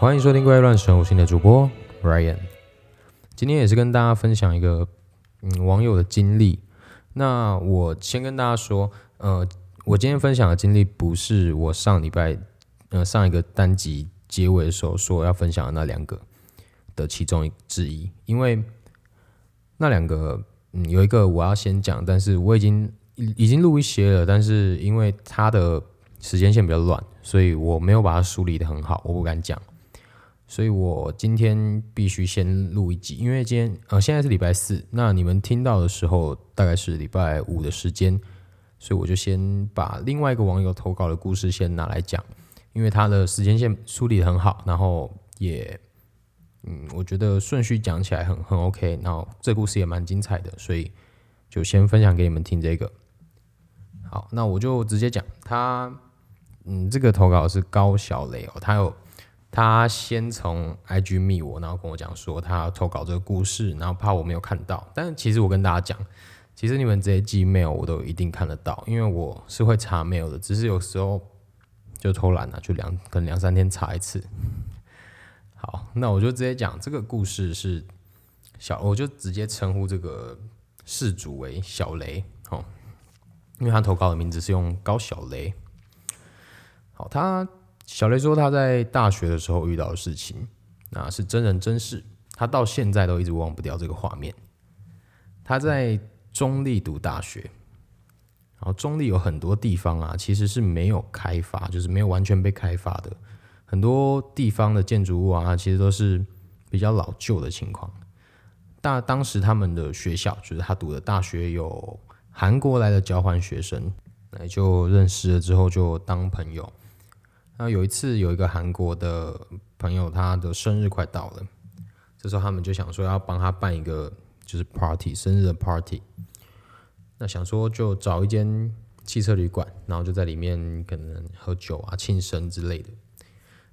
歡迎收聽亂《怪誕神武》系的主播 Ryan，今天也是跟大家分享一個嗯網友的經歷。那我先跟大家說，呃，我今天分享的經歷不是我上禮拜呃上一個單集結尾的時候說我要分享的那兩個的其中之一，因為那兩個嗯有一個我要先講，但是我已經已已經錄一些了，但是因為它的時間線比較亂，所以我沒有把它梳理得很好，我不敢講。所以，我今天必須先錄一集，因為今天呃現在是禮拜四，那你們聽到的時候大概是禮拜五的時間，所以我就先把另外一個網友投稿的故事先拿來講，因為他的時間線梳理得很好，然後也嗯，我覺得順序講起來很很 OK，然後這故事也蠻精彩的，所以就先分享給你們聽這個。好，那我就直接講，他嗯這個投稿是高小雷哦，他有。他先從 IG 密我，然後跟我講說他投稿這個故事，然後怕我沒有看到。但其實我跟大家講，其實你們直接寄 mail 我都一定看得到，因為我是會查 mail 的，只是有時候就偷懶了，啊，就兩可能兩三天查一次。好，那我就直接講這個故事是小，我就直接稱呼這個事主為小雷哦，因為他投稿的名字是用高小雷。好，他。小雷說，他在大學的時候遇到的事情，啊，是真人真事，他到現在都一直忘不掉這個畫面。他在中壢讀大學，然後中壢有很多地方啊，其實是沒有開發，就是沒有完全被開發的，很多地方的建築物啊，其實都是比較老舊的情況。但當時他們的學校，就是他讀的大學，有韓國來的交換學生，來就認識了之後就當朋友。那有一次，有一個韓國的朋友，他的生日快到了。這時候，他們就想說要幫他辦一個就是 party，生日的 party。那想說就找一間汽車旅館，然後就在裡面可能喝酒啊、慶生之類的。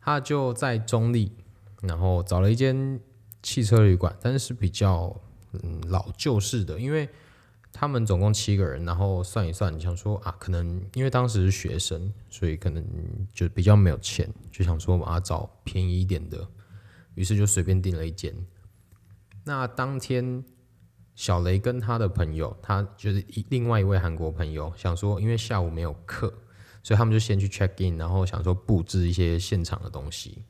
他就在中壢，然後找了一間汽車旅館，但是比較嗯老舊式的，因為。他們總共七個人，然後算一算，想說啊，可能因為當時是學生，所以可能就比較沒有錢，就想說要找便宜一點的，於是就隨便訂了一間。那當天小雷跟他的朋友，他就是另外一位韓國朋友，想說因為下午沒有課，所以他們就先去 check in，然後想說布置一些現場的東西，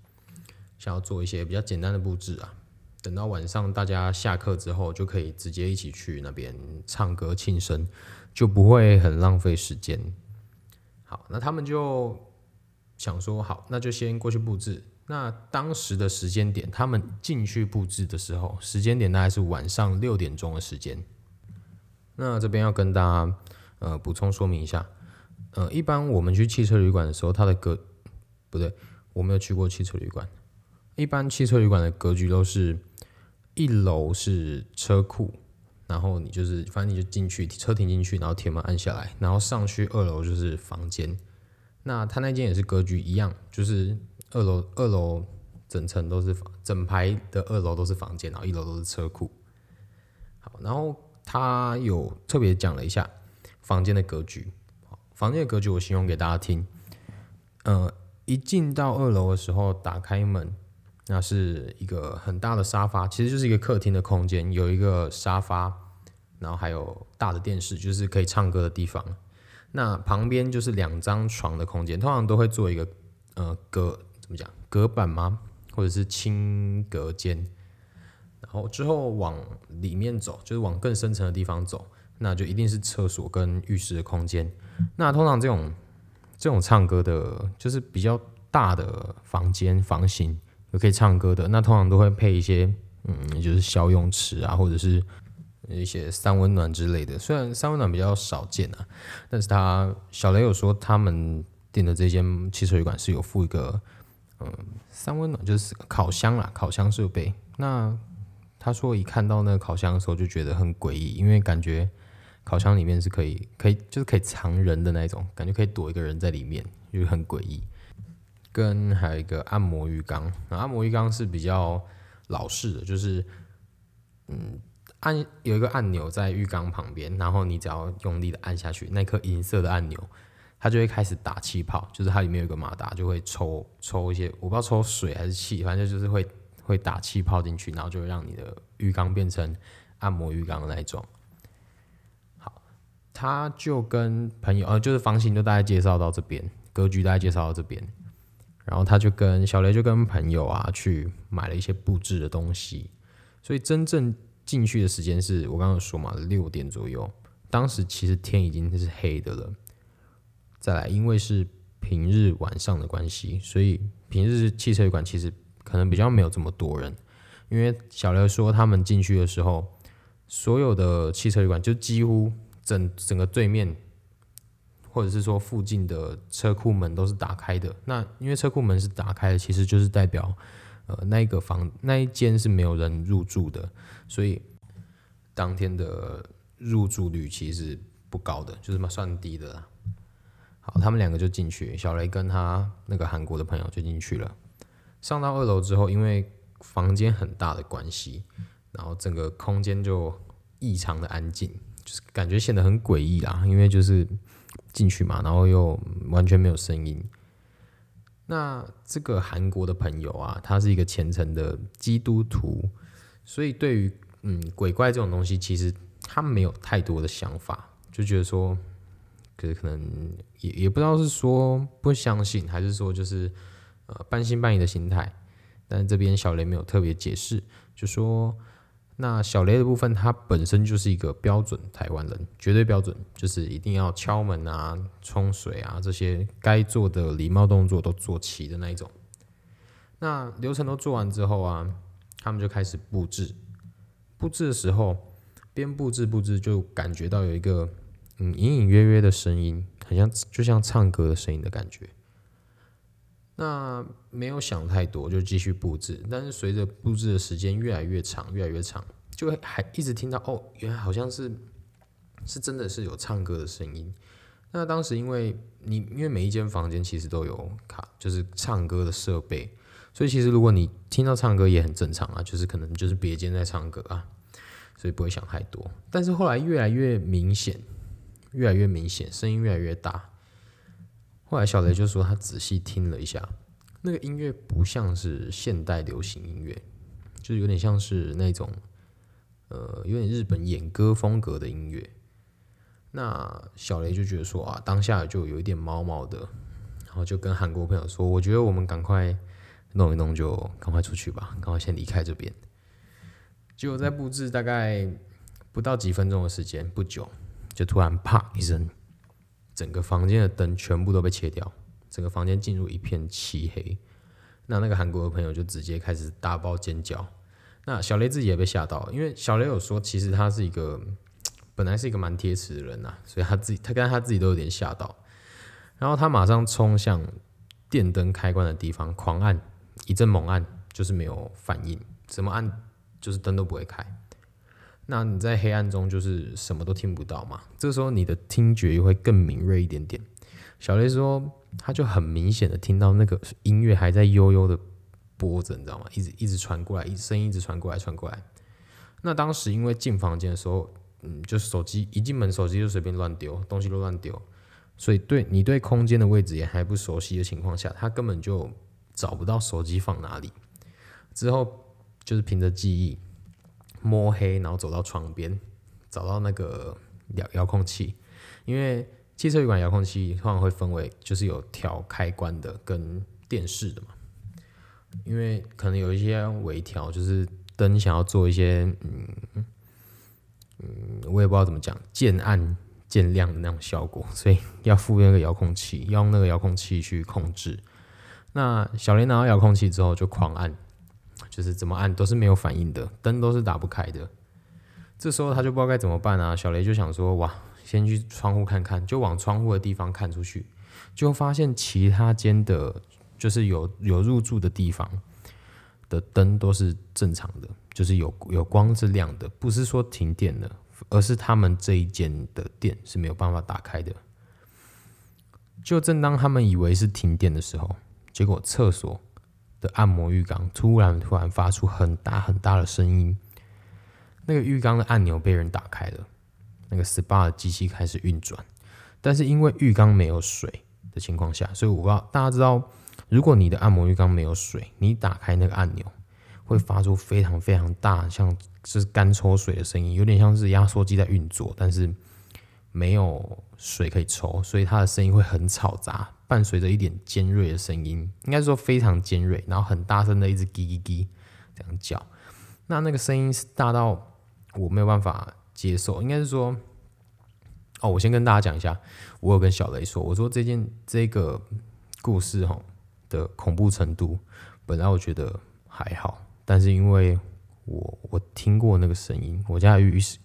想要做一些比較簡單的布置啊。等到晚上，大家下課之後就可以直接一起去那邊唱歌慶生，就不會很浪費時間。好，那他們就想說，好，那就先過去布置。那當時的時間點，他們進去布置的時候，時間點大概是晚上六點鐘的時間。那這邊要跟大家呃補充說明一下，呃，一般我們去汽車旅館的時候，它的格不對，我沒有去過汽車旅館。一般汽車旅館的格局都是。一樓是車庫，然後你就是，反正你就進去，車停進去，然後鐵門按下來，然後上去二樓就是房間。那他那間也是格局一樣，就是二樓二樓整層都是房，整排的二樓都是房間，然後一樓都是車庫。好，然後他有特別講了一下房間的格局，房間的格局我形容給大家聽。呃，一進到二樓的時候，打開門，那是一個很大的沙發，其實就是一個客廳的空間，有一個沙發，然後還有大的電視，就是可以唱歌的地方。那旁邊就是兩張床的空間，通常都會做一個呃隔，怎麼講，隔板嗎？或者是輕隔間？然後之後往裡面走，就是往更深層的地方走，那就一定是廁所跟浴室的空間。那通常這種這種唱歌的，就是比較大的房間房型。有可以唱歌的，那通常都會配一些，嗯，就是小泳池啊，或者是一些三溫暖之類的。雖然三溫暖比較少見啊，但是他小雷有說他們訂的這間汽車旅館是有附一個，嗯，三溫暖就是烤箱啦，烤箱設備。那他說一看到那個烤箱的時候，就覺得很詭異，因為感覺烤箱裡面是可以，可以就是可以藏人的那種，感覺可以躲一個人在裡面，就是很詭異。跟還有一個按摩浴缸，那按摩浴缸是比較老式的，就是嗯按，有一個按鈕在浴缸旁邊，然後你只要用力的按下去，那顆銀色的按鈕，它就會開始打氣泡，就是它裡面有一個馬達，就會抽抽一些，我不知道抽水還是氣，反正就是會會打氣泡進去，然後就會讓你的浴缸變成按摩浴缸的那一種。好，他就跟朋友呃，就是房型就大概介紹到這邊，格局大概介紹到這邊。然後他就跟小雷就跟朋友啊去買了一些布置的東西，所以真正進去的時間是我剛剛說嘛，六點左右。當時其實天已經是黑的了。再來，因為是平日晚上的關係，所以平日汽車旅館其實可能比較沒有這麼多人。因為小雷說他們進去的時候，所有的汽車旅館就幾乎整整個對面，或者是說附近的車庫門都是打開的，那因為車庫門是打開的，其實就是代表，呃，那一個房那一間是沒有人入住的，所以當天的入住率其實不高的，就這麼算低的啦。好，他們兩個就進去，小雷跟他那個韓國的朋友就進去了。上到二樓之後，因為房間很大的關係，然後整個空間就異常的安靜，就是感覺顯得很詭異啦，因為就是。進去嘛，然後又完全沒有聲音。那這個韓國的朋友啊，他是一個虔誠的基督徒，所以對於嗯鬼怪這種東西，其實他沒有太多的想法，就覺得說，可是可能也也不知道是說不相信，還是說就是呃半信半疑的心態。但是這邊小雷沒有特別解釋，就說。那小雷的部分，他本身就是一個標準台灣人，絕對標準，就是一定要敲門啊、沖水啊這些該做的禮貌動作都做齊的那一種。那流程都做完之後啊，他們就開始布置。布置的時候，邊布置布置，就感覺到有一個嗯隱隱約約的聲音，很像就像唱歌的聲音的感覺。那沒有想太多，就繼續布置。但是隨着布置的時間越來越長，越來越長，就還一直聽到哦，原來好像是是真的是有唱歌的聲音。那當時因為你因為每一間房間其實都有卡，就是唱歌的設備，所以其實如果你聽到唱歌也很正常啊，就是可能就是別間在唱歌啊，所以不會想太多。但是後來越來越明顯，越來越明顯，聲音越來越大。後來小雷就說，他仔細聽了一下，那個音樂不像是現代流行音樂，就是有點像是那種，呃，有點日本演歌風格的音樂。那小雷就覺得說啊，當下就有一點毛毛的，然後就跟韓國朋友說，我覺得我們趕快弄一弄，就趕快出去吧，趕快先離開這邊。結果在布置大概不到幾分鐘的時間，不久就突然啪一聲。整個房間的燈全部都被切掉，整個房間進入一片漆黑。那那個韓國的朋友就直接開始大爆尖叫。那小雷自己也被嚇到，因為小雷有說，其實他是一個本來是一個蠻鐵齒的人吶、啊，所以他自己他跟他自己都有點嚇到。然後他馬上衝向電燈開關的地方，狂按一陣猛按，就是沒有反應，怎麼按就是燈都不會開。那你在黑暗中就是什麼都聽不到嘛，這時候你的聽覺又會更敏銳一點點。小雷說，他就很明顯的聽到那個音樂還在悠悠的播着，你知道嗎？一直一直傳過來，一聲音一直傳過來傳過來。那當時因為進房間的時候，嗯，就是手機一進門，手機就隨便亂丟，東西都亂丟，所以對你對空間的位置也還不熟悉的情況下，他根本就找不到手機放哪裡。之後就是憑着記憶。摸黑，然後走到床邊，找到那個遙遙控器，因為汽車旅館遙控器通常會分為就是有調開關的跟電視的嘛，因為可能有一些微調，就是燈想要做一些嗯嗯，我也不知道怎麼講，漸暗漸亮的那種效果，所以要附一個遙控器，要用那個遙控器去控制。那小雷拿到遙控器之後就狂按。就是怎麼按都是沒有反應的，燈都是打不開的。這時候他就不知道該怎麼辦啊！小雷就想說：“哇，先去窗戶看看。”就往窗戶的地方看出去，就發現其他間的就是有有入住的地方的燈都是正常的，就是有有光是亮的，不是說停電了，而是他們這一間的電是沒有辦法打開的。就正當他們以為是停電的時候，結果廁所……的按摩浴缸突然突然發出很大很大的聲音，那個浴缸的按鈕被人打開了，那個 SPA 的機器開始運轉，但是因為浴缸沒有水的情況下，所以我要大家知道，如果你的按摩浴缸沒有水，你打開那個按鈕會發出非常非常大，像是乾抽水的聲音，有點像是壓縮機在運作，但是沒有水可以抽，所以它的聲音會很吵雜。伴隨着一點尖銳的聲音，應該是說非常尖銳，然後很大聲的一直滴滴滴這樣叫，那那個聲音是大到我沒有辦法接受。應該是說，哦，我先跟大家講一下，我有跟小雷說，我說這件這個故事哦的恐怖程度，本來我覺得還好，但是因為我我聽過那個聲音，我家魚魚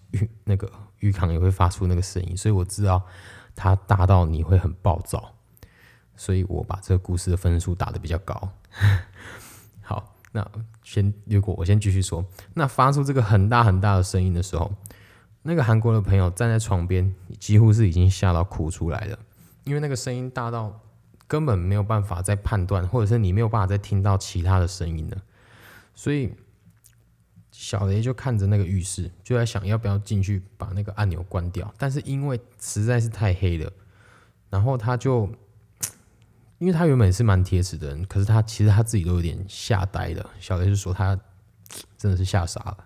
那個魚缸也會發出那個聲音，所以我知道它大到你會很暴躁。所以我把這個故事的分數打得比較高。 好，那先略過，如果我先繼續說。那發出這個很大很大的聲音的時候，那個韓國的朋友站在床邊，幾乎是已經嚇到哭出來了，因為那個聲音大到根本沒有辦法再判斷，或者是你沒有辦法再聽到其他的聲音了。所以小雷就看着那個浴室，就在想要不要進去把那個按鈕關掉，但是因為實在是太黑了，然後他就。因為他原本也是蠻鐵齒的人，可是他其實他自己都有點嚇呆了。小雷就說他真的是嚇傻了。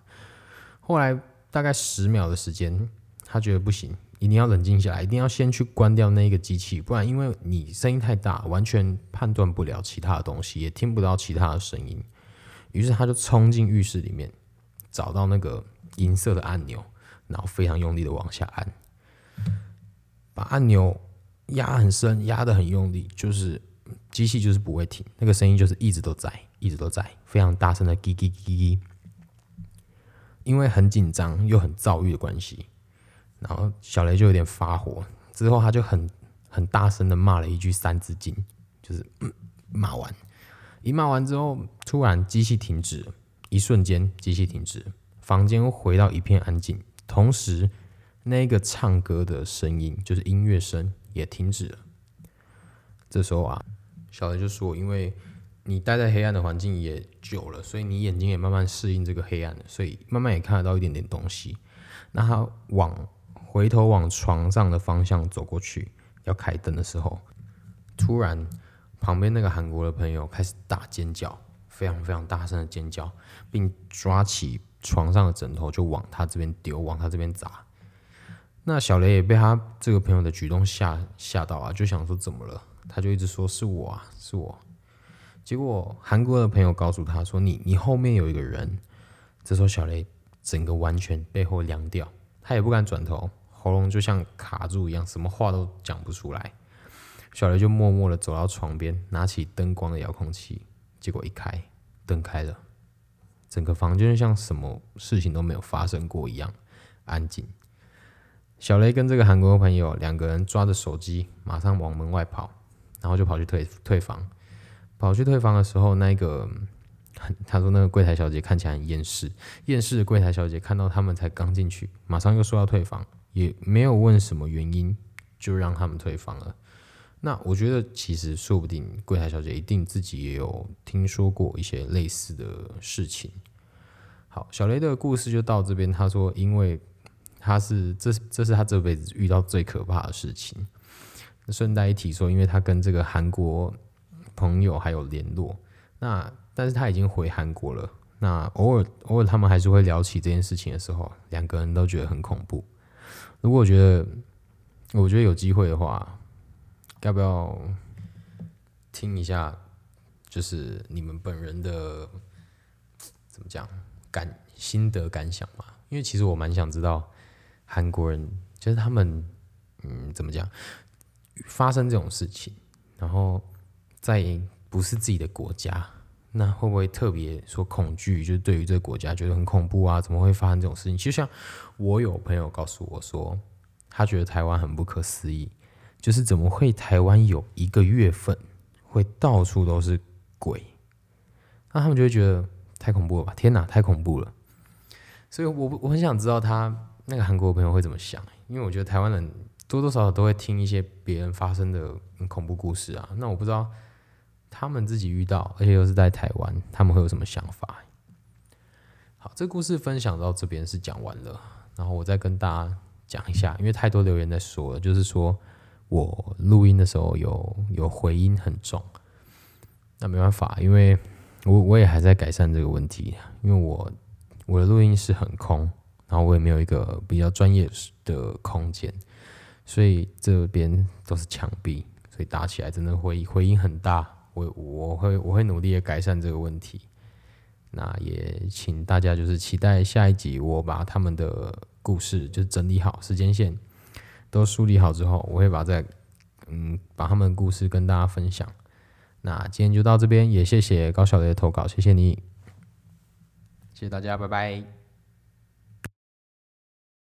後來大概十秒的時間，他覺得不行，一定要冷靜下來，一定要先去關掉那個機器，不然因為你聲音太大，完全判斷不了其他的東西，也聽不到其他的聲音。於是他就衝進浴室裡面，找到那個銀色的按鈕，然後非常用力的往下按，把按鈕壓很深，壓得很用力，就是。機器就是不會停，那個聲音就是一直都在，一直都在，非常大聲的“滴滴滴滴”。因為很緊張又很躁鬱的關係，然後小雷就有點發火，之後他就很很大聲的罵了一句《三字經》，就是、嗯、罵完，一罵完之後，突然機器停止，一瞬間機器停止，房間回到一片安靜，同時那個唱歌的聲音，就是音樂聲也停止了。這時候啊。小雷就說：“因為你待在黑暗的環境也久了，所以你眼睛也慢慢適應這個黑暗了，所以慢慢也看得到一點點東西。那他往回頭往床上的方向走過去，要開燈的時候，突然旁邊那個韓國的朋友開始大尖叫，非常非常大聲的尖叫，並抓起床上的枕頭就往他這邊丟，往他這邊砸。”那小雷也被他這個朋友的舉動嚇嚇到啊，就想說怎麼了？他就一直說是我啊，是我啊。結果韓國的朋友告訴他說：“你你後面有一個人。”這時候小雷整個完全背後涼掉，他也不敢轉頭，喉嚨就像卡住一樣，什麼話都講不出來。小雷就默默的走到床邊，拿起燈光的遙控器，結果一開燈開了，整個房間像什麼事情都沒有發生過一樣安靜。小雷跟這個韓國的朋友兩個人抓着手機，馬上往門外跑，然後就跑去退退房。跑去退房的時候，那個他說那個櫃檯小姐看起來很厭世，厭世的櫃檯小姐看到他們才剛進去，馬上又說要退房，也沒有問什麼原因，就讓他們退房了。那我覺得其實說不定櫃檯小姐一定自己也有聽說過一些類似的事情。好，小雷的故事就到這邊，他說因為。他是這是這是他這輩子遇到最可怕的事情。順帶一提說，因為他跟這個韓國朋友還有聯絡，那但是他已經回韓國了。那偶爾偶爾他們還是會聊起這件事情的時候，兩個人都覺得很恐怖。如果我覺得我覺得有機會的話，要不要聽一下？就是你們本人的怎麼講感心得感想嘛？因為其實我蠻想知道。韓國人就是他們，嗯，怎麼講？發生這種事情，然後在不是自己的國家，那會不會特別說恐懼？就是對於這個國家覺得很恐怖啊？怎麼會發生這種事情？就像我有朋友告訴我說，他覺得台灣很不可思議，就是怎麼會台灣有一個月份會到處都是鬼？那他們就會覺得太恐怖了吧？天哪，太恐怖了！所以我我很想知道他。那個韓國的朋友會怎麼想？因為我覺得台灣人多多少少都會聽一些別人發生的恐怖故事啊。那我不知道他們自己遇到，而且又是在台灣，他們會有什麼想法？好，這個故事分享到這邊是講完了。然後我再跟大家講一下，因為太多留言在說了，就是說我錄音的時候有有回音很重。那沒辦法，因為我我也還在改善這個問題，因為我我的錄音室很空。然後我也沒有一個比較專業的空間，所以這邊都是牆壁，所以打起來真的回回音很大。我。我我會我會努力的改善這個問題。那也請大家就是期待下一集，我把他們的故事就整理好，時間線都梳理好之後，我會把再嗯把他們的故事跟大家分享。那今天就到這邊，也謝謝高小雷的投稿，謝謝你，謝謝大家，拜拜。